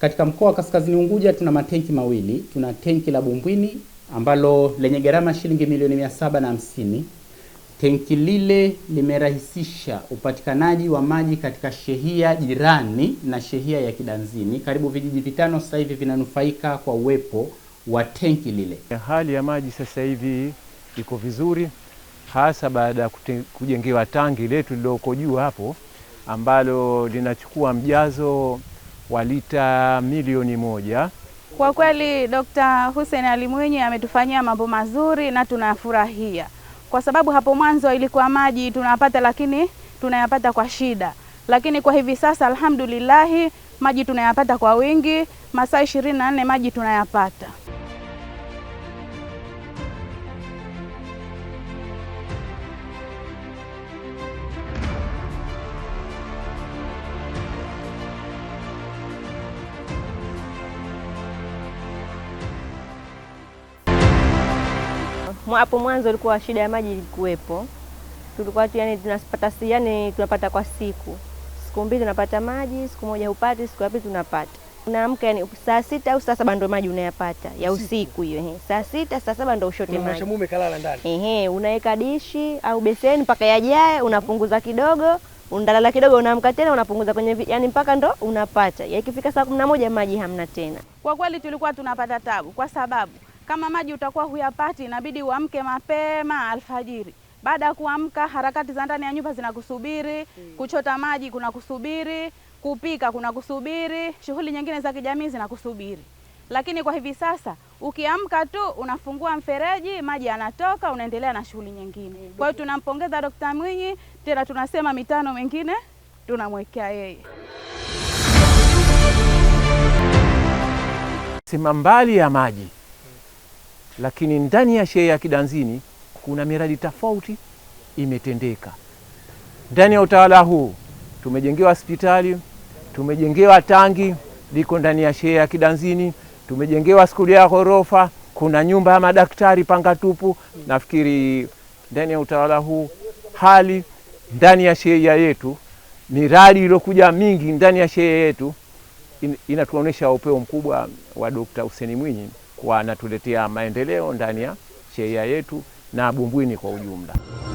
Katika mkoa wa Kaskazini Unguja tuna matenki mawili. Tuna tenki la Bumbwini ambalo lenye gharama shilingi milioni mia saba na hamsini. Tenki lile limerahisisha upatikanaji wa maji katika shehia jirani na shehia ya Kidanzini. Karibu vijiji vitano sasa hivi vinanufaika kwa uwepo wa tenki lile. Hali ya maji sasa hivi iko vizuri, hasa baada ya kujengewa tangi letu lililoko juu hapo ambalo linachukua mjazo wa lita milioni moja. Kwa kweli Dkt. Hussein Ali Mwinyi ametufanyia mambo mazuri na tunafurahia, kwa sababu hapo mwanzo ilikuwa maji tunapata, lakini tunayapata kwa shida, lakini kwa hivi sasa alhamdulillahi maji tunayapata kwa wingi, masaa ishirini na nne maji tunayapata. hapo mwanzo ilikuwa shida ya maji ilikuwepo, tulikuwa tu yani tunapata yani tunapata kwa siku siku mbili tunapata maji, siku moja hupati, siku ya pili tunapata. Unaamka yani saa sita au saa saba ndio maji unayapata ya usiku hiyo, saa sita saa saba ndio ushote maji. Mume kalala ndani, ehe, unaweka dishi au beseni mpaka yajae, unapunguza kidogo, unalala kidogo, unaamka tena unapunguza kwenye yani mpaka ndo unapata. Ikifika saa kumi na moja maji hamna tena. Kwa kweli tulikuwa tunapata tabu kwa sababu kama maji utakuwa huyapati, inabidi uamke mapema alfajiri. Baada ya kuamka, harakati za ndani ya nyumba zinakusubiri mm. Kuchota maji kuna kusubiri, kupika kuna kusubiri, shughuli nyingine za kijamii zinakusubiri. Lakini kwa hivi sasa ukiamka tu unafungua mfereji, maji yanatoka, unaendelea na shughuli nyingine mm. Kwa hiyo tunampongeza Dkt. Mwinyi, tena tunasema mitano mingine tunamwekea yeye. Simambali ya maji lakini ndani ya shehia ya Kidanzini kuna miradi tofauti imetendeka. Ndani ya utawala huu tumejengewa hospitali, tumejengewa tangi liko ndani ya shehia ya Kidanzini, tumejengewa skuli ya ghorofa, kuna nyumba ya madaktari pangatupu. Nafikiri ndani ya utawala huu hali ndani ya shehia yetu, miradi iliyokuja mingi ndani ya shehia yetu inatuonyesha upeo mkubwa wa Dokta huseni Mwinyi kwa natuletea maendeleo ndani ya sheria yetu na Bumbwini kwa ujumla.